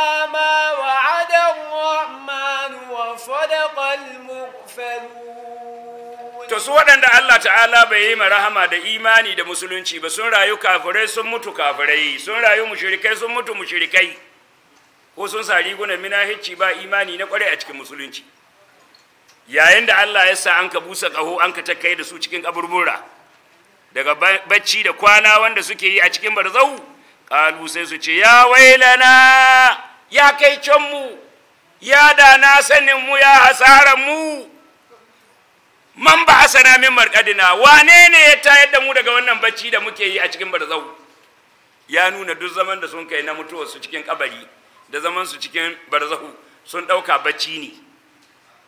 wasu waɗanda Allah ta'ala bai yi rahama da imani da musulunci ba sun rayu kafirai sun mutu kafirai sun rayu mushirikai sun mutu mushirikai ko sun sa rigunan minahicci ba imani na kware a cikin musulunci yayin da Allah ya sa an ka busa ƙaho an ka takkai da su cikin kaburbura daga bacci da kwana wanda suke yi a cikin barzau kalu sai su ce ya wailana ya kai canmu ya dana sanin mu ya hasaran mu man ba asana min markadina wane ne ya tayar da mu daga wannan bacci da muke yi a cikin barzau ya nuna duk zaman da sun kai na mutuwa su cikin kabari da zaman su cikin barzau sun dauka bacci ne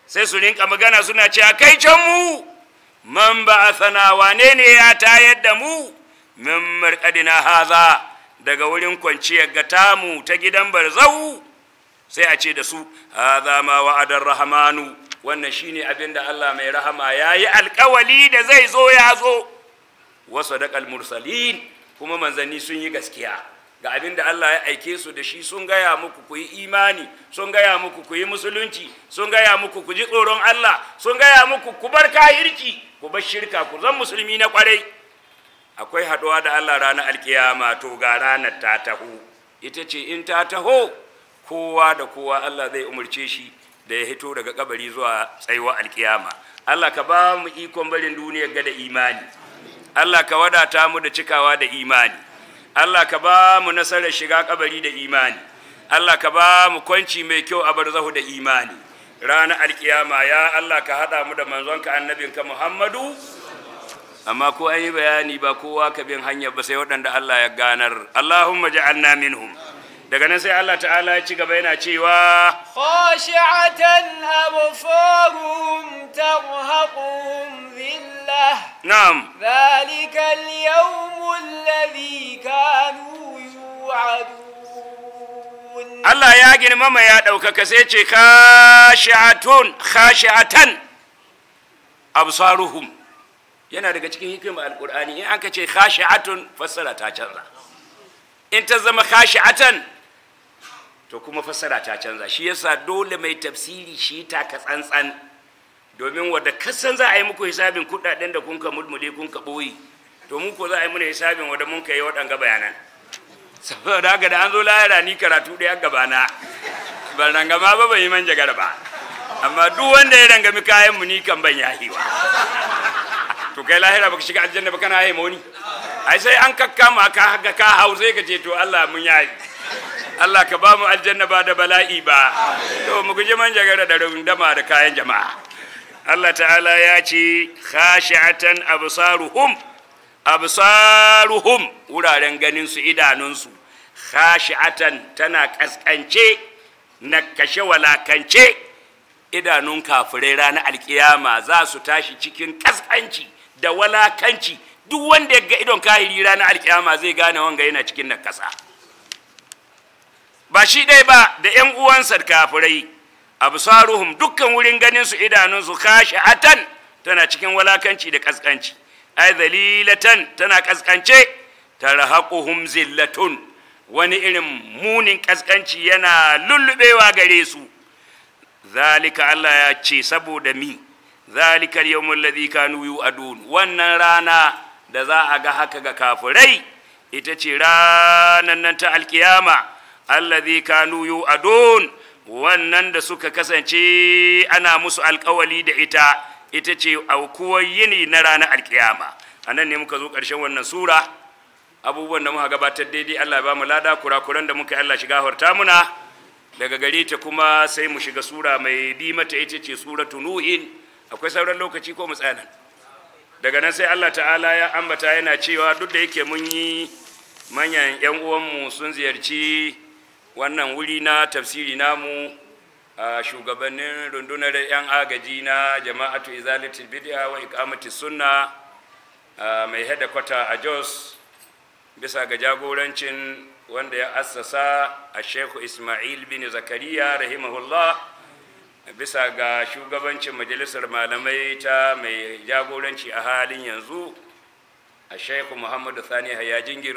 sai su rinka magana suna ce a kai can mu man ba asana wane ne ya tayar da mu min markadina haza daga wurin kwanciyar ga tamu ta gidan barzau sai a ce da su haza ma wa'adar rahmanu wannan shine abin da Allah mai rahama yayi alƙawali da zai zo ya zo Wasu sadaqal mursalin kuma manzanni sun yi gaskiya ga abin da Allah ya aike su da shi sun gaya muku ku yi imani sun gaya muku ku yi musulunci sun gaya muku ku ji tsoron Allah sun gaya muku ku bar kahirki ku bar shirka ku zan musulmi na kwarai akwai haɗuwa da Allah ranar alkiyama to ga ranar ta taho ita ce in ta taho kowa da kowa Allah zai umarce shi da ya hito daga kabari zuwa tsayuwa alkiyama Allah ka ba mu ikon barin duniyar ga da imani Allah ka wadata mu da cikawa da imani Allah ka ba mu nasarar shiga kabari da imani Allah ka ba mu kwanci mai kyau a barzahu da imani rana alkiyama ya Allah ka hada mu da manzonka annabinka Muhammadu amma ko an yi bayani ba kowa ka bin hanyar ba sai waɗanda Allah ya ganar Allahumma ja'alna minhum daga nan sai Allah ta'ala ya ci gaba yana cewa khashi'atan abfarum tarhaquhum zillah na'am zalika al-yawm alladhi kanu yu'adun Allah ya girmama ya daukaka sai ce khashi'atun khashi'atan absaruhum yana daga cikin hikimar alqur'ani in aka ce khashi'atun fassara ta canza in ta zama khashi'atan to kuma fassara ta canza shi yasa dole mai tafsiri shi ta ka tsantsan domin wadda kasan za a yi muku hisabin kudaden da kun ka mulmule kun ka boye to mu ko za a yi muna hisabin wadda mun ka yi ga bayanan saboda haka da an zo lahira ni karatu ɗaya gabana ban rangama ba ban yi man jagar ba amma duk wanda ya rangami kayan mu ni kan ban yahiwa to kai lahira baka shiga aljanna ba kana yahi wani ai sai an kakkama ka ga ka hauze ka ce to Allah mun yayi Allah ka ba mu aljanna ba da bala'i ba to mu guji manjagara da rundama da kayan jama'a Allah ta'ala ya ce khashi'atan absaruhum absaruhum wuraren ganin su idanunsu khashi'atan tana kaskance nakashe walakance idanun kafirai ranar alkiyama za su tashi cikin kaskanci da walakanci duk wanda ya ga idon kahiri ranar alkiyama zai gane wanga yana cikin nakasa ba shi dai ba da 'yan uwansa kafirai absaruhum dukkan wurin ganin su idanun su khashi'atan tana cikin walakanci da ƙasƙanci, ai zalilatan tana kaskance tarhaquhum zillatun wani irin munin ƙasƙanci yana lullubewa gare su zalika Allah ya ce saboda mi zalika yawmul ladhi kanu yu'adun wannan rana da za a ga haka ga kafirai ita ce ranan nan ta alkiyama alladhi kanu yu'adun wannan da suka kasance ana musu alkawali da ita ita ce aukuwa yini na ranar alkiyama anan ne muka zo ƙarshen wannan sura abubuwan da muka gabatar daidai allah ba mu lada kurakuran da muka allah shiga horta muna daga gare ta kuma sai mu shiga sura mai bi mata ita ce suratu nuhin akwai sauran lokaci ko mu tsaya daga nan sai allah ta'ala ya ambata yana cewa duk da yake mun yi manyan 'yan mu sun ziyarci wannan wuri na tafsiri namu a shugabannin rundunar 'yan agaji na jama'atu izalitin bid'a wa iqamati sunna mai kwata a jos bisa ga jagorancin wanda ya assasa a sheku ismail bin zakariya rahimahullah bisa ga shugabancin majalisar malamai ta mai jagoranci a halin yanzu a sheku muhammadu sani hayajingir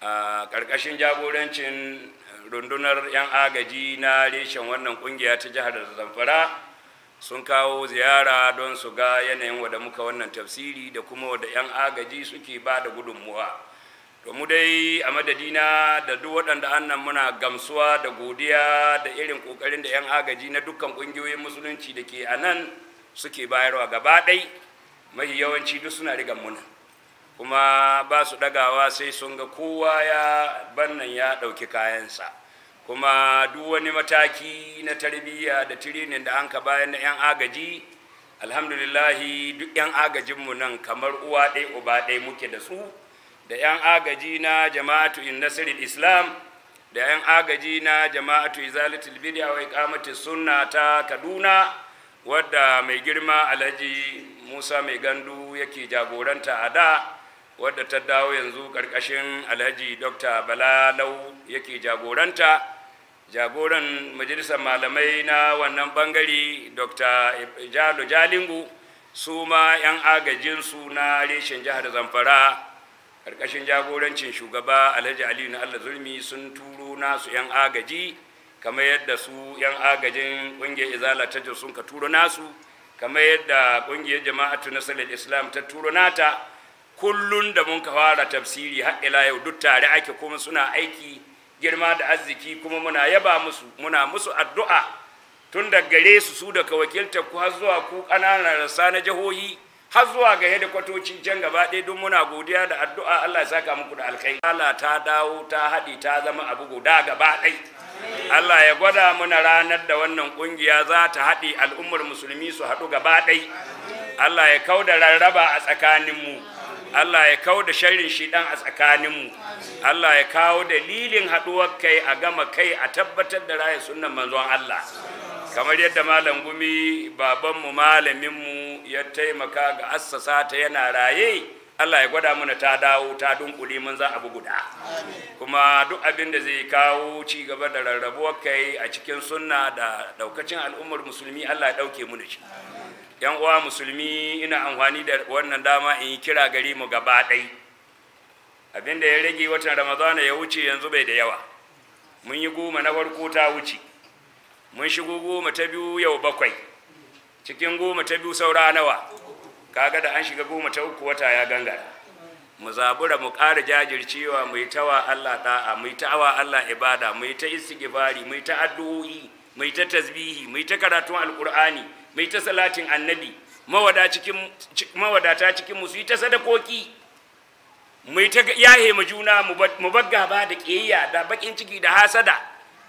a ƙarƙashin jagorancin rundunar 'yan agaji na reshen wannan kungiya ta jihar zamfara sun kawo ziyara don su ga yanayin wada muka wannan tafsiri da kuma wada 'yan agaji suke ba da gudunmuwa mu dai a madadina da duk waɗanda annan muna gamsuwa da godiya da irin ƙoƙarin da 'yan agaji na dukkan ƙungiyoyin musulunci da ke a nan suke bayarwa gaba ɗai mahi yawanci duk suna rigan muna kuma ba su ɗagawa sai sun ga kowa ya bannan ya ɗauki kayansa kuma duk wani mataki na tarbiyya da tirinin da an ka bayan na 'yan agaji alhamdulillahi duk 'yan agajin mu nan kamar uwa ɗai uba ɗai muke da su da 'yan agaji na jama'atu in nasirin islam da 'yan agaji na jama'atu izalatul bid'a wa iqamati sunna ta kaduna wadda mai girma alhaji musa mai gandu yake jagoranta a da wadda ta dawo yanzu karkashin alhaji dr Lau yake jagoranta jagoran majalisar malamai na wannan bangare dr jalo jalingu su ma 'yan agajinsu na reshen jihar zamfara karkashin jagorancin shugaba alhaji aliyu na allah zulmi sun turo nasu 'yan agaji kamar yadda su 'yan agajin ƙungiyar izala ta sun ka turo nasu kamar yadda ƙungiyar jama'atu nasarar islam ta turo nata kullun da mun ka fara tafsiri har ila yau duk tare ake kuma suna aiki girma da arziki kuma muna yaba musu muna musu addu'a tun da gare su su daga wakiltar ku har zuwa ku ƙananan rasa na jihohi har zuwa ga da kwatoci can gaba ɗaya don muna godiya da addu'a Allah ya saka muku da alkhairi Allah ta dawo ta haɗi ta zama abu guda gaba ɗai Allah ya gwada muna ranar da wannan ƙungiya za ta haɗi al'ummar musulmi su haɗu gaba ɗai Allah ya kauda rarraba a tsakaninmu Allah ya kawo da sharrin shi dan a tsakaninmu Allah ya kawo dalilin haɗuwar kai a gama kai a tabbatar da raya sunan manzon Allah kamar yadda malam gumi babanmu malaminmu ya taimaka ga assasa ta yana raye Allah ya gwada mana ta dawo ta dunkule mun za abu guda kuma duk abin da zai kawo ci gaba da rarrabuwar kai a cikin sunna da daukacin al'ummar musulmi Allah ya dauke mu da shi yan uwa musulmi ina amfani da wannan dama in yi kira gari mu gaba ɗai abinda ya rage watan ramadana ya wuce yanzu bai da yawa mun yi goma na farko ta wuce mun shigo goma ta biyu yau bakwai cikin goma ta biyu saura nawa kaga da an shiga goma ta uku wata ya gangara mu zabura mu ƙara jajircewa mu yi tawa Allah da'a mu yi tawa Allah ibada mu yi ta istighfari mu yi ta addu'o'i mu yi ta tasbihi mu yi ta karatun alqur'ani mai ta salatin annabi mawadata cikin su yi ta sadakoki mai ta yahe ma juna mu bagga ba da ƙiyayya da bakin ciki da hasada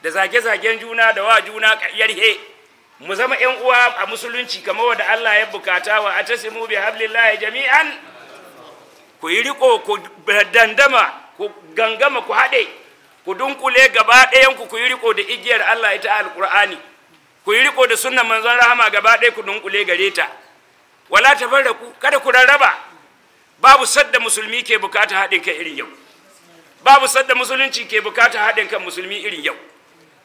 da zage-zagen juna da wa juna yarhe mu zama ‘yan uwa a musulunci kamar wadda Allah ya bukata wa a tasimu bi hablillahi jami'an ku yi riko ku dandama ku gangama ku haɗe ku dunkule gaba ɗayan ku yi riko da igiyar Allah ita alkur'ani. ku yi riko da sunan manzon rahama gaba ɗaya ku dunkule gare ta wala ku kada ku rarraba babu sadda musulmi ke bukata haɗin kan irin yau babu sadda musulunci ke bukata haɗin kan musulmi irin yau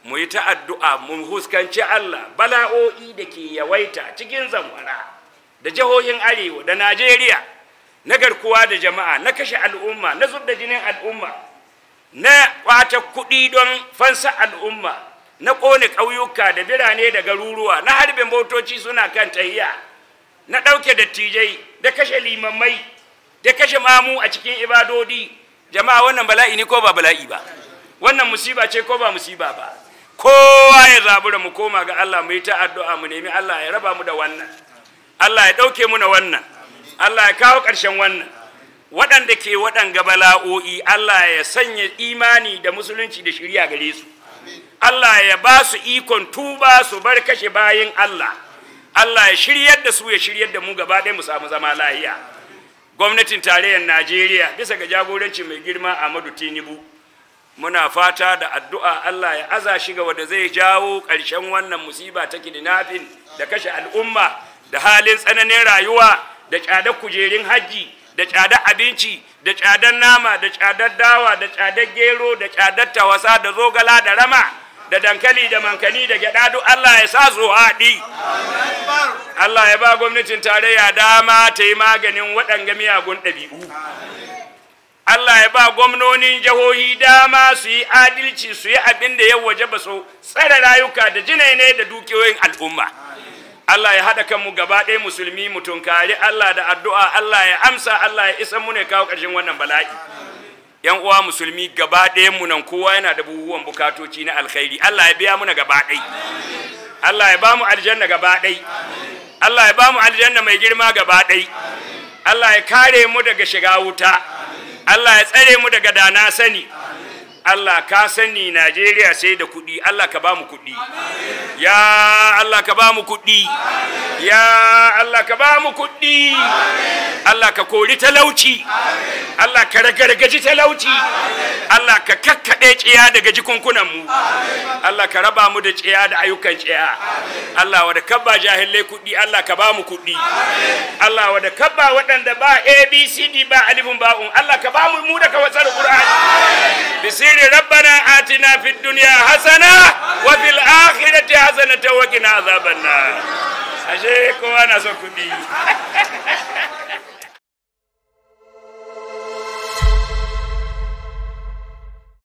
mu yi ta'addu'a mu huskanci Allah bala'o'i da ke yawaita cikin zamfara da jihohin arewa da Najeriya na garkuwa da jama'a na kashe al'umma na zubda jinin al'umma na kwata kuɗi don fansa al'umma na ƙone ƙauyuka da birane da garuruwa na harbe motoci suna kan tahiya na ɗauke dattijai da kashe limammai da kashe mamu a cikin ibadodi jama'a wannan bala'i ne ko ba bala'i ba wannan musiba ce ko ba musiba ba kowa ya zabura mu koma ga Allah mu yi ta addu'a mu nemi Allah ya raba mu da wannan Allah ya ɗauke mu na wannan Allah ya kawo ƙarshen wannan waɗanda ke waɗanga bala'o'i Allah ya sanya imani da musulunci da shirya gare su Allah ya ba su ikon tuba su bar kashe bayin Allah Allah ya shiryar da su ya shiryar da mu gaba ɗaya mu samu zama lahiya gwamnatin tarayyar Najeriya bisa ga jagoranci mai girma Ahmadu Tinubu muna fata da addu'a Allah ya aza shi ga wanda zai jawo ƙarshen wannan musiba ta kidnapping da kashe al'umma da halin tsananin rayuwa da tsadar kujerun hajji da tsadar abinci da tsadar nama da tsadar dawa da tsadar gero da tsadar tawasa da zogala da rama da dankali da mankani da gyada duk Allah ya sa su haɗi Allah ya ba gwamnatin tarayya dama ta yi maganin waɗanga miyagun ɗabi'u Allah ya ba gwamnonin jihohi dama su yi adalci su yi abin da ya waje ba su tsare rayuka da jinai ne da dukiyoyin al'umma Allah ya haɗa kanmu gaba ɗaya musulmi tunkari. Allah da addu'a Allah ya amsa Allah ya isa mu ne kawo ƙarshen wannan bala'i yan uwa musulmi gaba ɗayan mu nan kowa yana da buhuwan bukatoci na alkhairi Allah ya biya muna gaba ɗai Allah ya bamu aljanna gaba ɗai Allah ya bamu aljanna mai girma gaba ɗai Allah ya kare mu daga shiga wuta Allah ya tsare mu daga dana sani Allah ka sani Najeriya sai da kuɗi Allah ka ba mu kuɗi ya Allah ka ba mu kuɗi ya Allah ka ba mu kuɗi Allah ka kori talauci Allah ka ragargaji talauci Allah ka kakkaɗe tsiya daga jikunkunan mu Allah ka raba mu da tsiya da ayyukan tsiya Allah wada kabba jahilai kuɗi Allah ka ba mu kuɗi Allah wada kabba waɗanda ba ABCD ba alifun ba'un Allah ka ba mu mu da ka wasar Qur'ani الخير ربنا آتنا في الدنيا حسنة وفي الآخرة حسنة وقنا عذاب النار أشيكم أنا سكبي